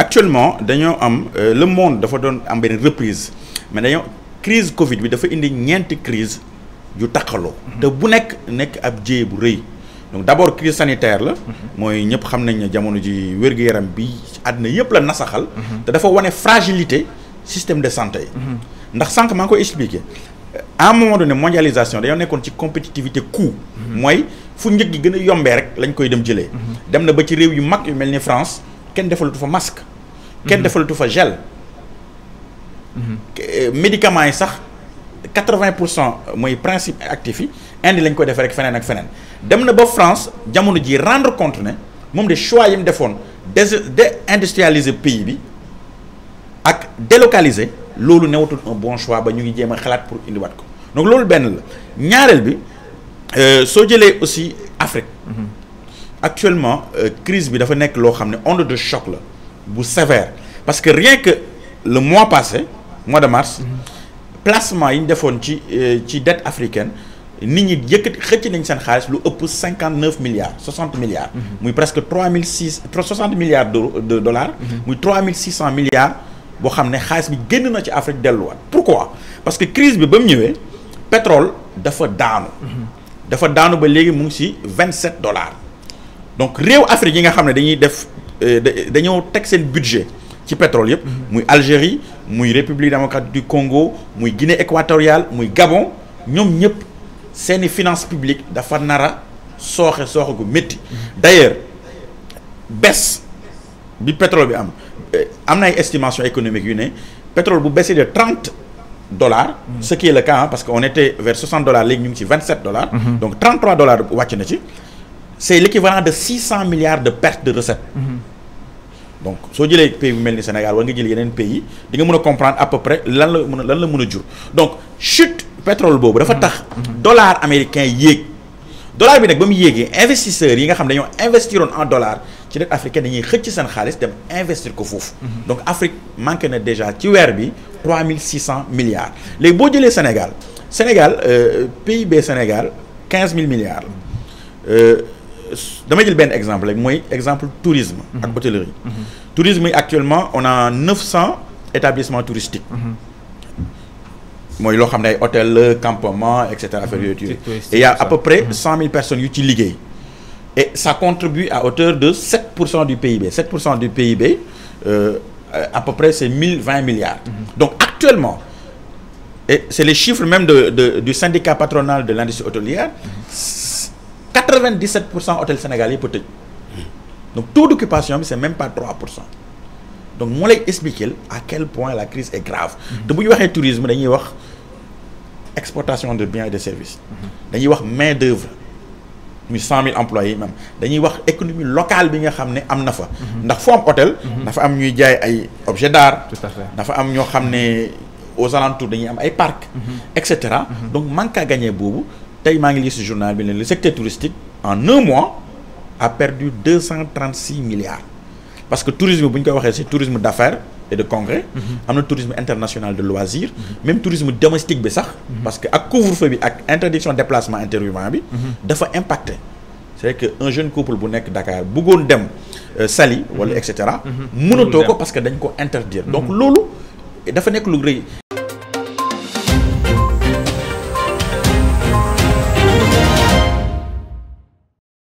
actuellement dañoo am euh, le monde dafa doon am benn reprise mais dañoo crise Covid bi dafa indi ñeenti crise yu Takalo. te bu nekk nekk ab jéey bu rëy. donc d'abord crise sanitaire la. moy ñep xam nañ ne jamono ji wér-gu-yaram bi àddina yëpp la nasaxal. te dafa wane fragilité système de santé. ndax sank ma ko expliquer expliqué. à un moment donné mondialisation dañoo nekkoon ci compétitivité coût. moy fu njëg gi gën a rek lañ koy dem jëlé dem na ba ci réew yu mag yu melni France kenn defalatu fa masque. Mhm. kenn defalatu fa gel. Mhm. Euh, médicaments yi sax 80% vingt pour cent mooy principe actif yi indi lañ ko def rek feneen ak feneen dem na ba France jamono ji rendre compte ne moom de choix yi mu defoon industrialiser pays bi ak délocaliser loolu newatul un bon choix ba ñu ngi jéem a xalaat pour indiwaat ko donc loolu benn la ñaareel bi euh, soo jëlee aussi Afrique. Mhm actuellement euh, crise bi dafa onde de choc sévère parce que rien que le mois passé mois de mars mhm. placement une ñu euh, dette africaine nit ñi milliards 60 milliards mhm. presque 60 milliards de dollars mhm. muy 3600 milliards de pourquoi parce que crise bi pétrole dafa daanu dafa daanu dollars donc les Afrique yi nga xam un euh, budget qui pétrole yëpp mhm. muy Algérie la République démocratique du Congo la Guinée équatoriale le Gabon nous c'est une finance publique d'affaires nara mhm. d'ailleurs baisse du pétrole bi euh, estimation économique pétrole a baissé de 30 dollars mhm. ce qui est le cas hein, parce qu'on était vers 60 dollars léegi 27 dollars donc 33 dollars pour na c'est l'équivalent de 600 milliards de pertes de recettes. Mhm. donc si vous pays bu mel Sénégal war nga jël pays vous nga comprendre à peu près ce la vous avez lan donc chute pétrole le dafa mhm. tax mhm. dollar américain Le dollar bi nag ba mu investisseurs yi nga xam en dollars. Les Africains, africain dañuy xëcc dem investir donc Afrique manque déjà tu weer bi milliards. les boo du Sénégal Sénégal euh, PIB Sénégal 15000 milliards. Euh, damay jël vous exemple un exemple tourisme. et mhm. hôtellerie. Mhm. tourisme actuellement on a 900 établissements touristiques. Mhm. et il y a à peu près 100 000 personnes utilisées et ça contribue à hauteur de 7 du PIB 7 du PIB euh, à peu près c'est 1020 milliards. donc actuellement. et c'est les chiffres même de du syndicat patronal de l'industrie hôtelière. 97 hôtels sénégalais peut être. donc taux d'occupation c'est même pas 3 donc je expliquer à quel point la crise est grave Donc vous voyez le tourisme dañuy wax exportation de biens et de services dañuy wax main d'œuvre a 100 000 employés même dañuy wax économie locale bi nga hôtels, ne am na hôtel dafa am objets d'art dafa am des aux alentours dañuy am ay parcs etc mmh. donc manque à gagner beaucoup journal le secteur touristique en un mois a perdu 236 milliards parce que tourisme c'est c'est tourisme d'affaires et de congrès un mm-hmm. tourisme international de loisirs mm-hmm. même tourisme domestique bi mm-hmm. parce que ak couvre-feu bi ak de déplacement interurbain bi dafa impacté c'est à dire qu'un jeune couple bu nekk Dakar bëggoon dem euh, Saly wala et cetera ko parce que dañ ko interdire donc loolu dafa nekk lu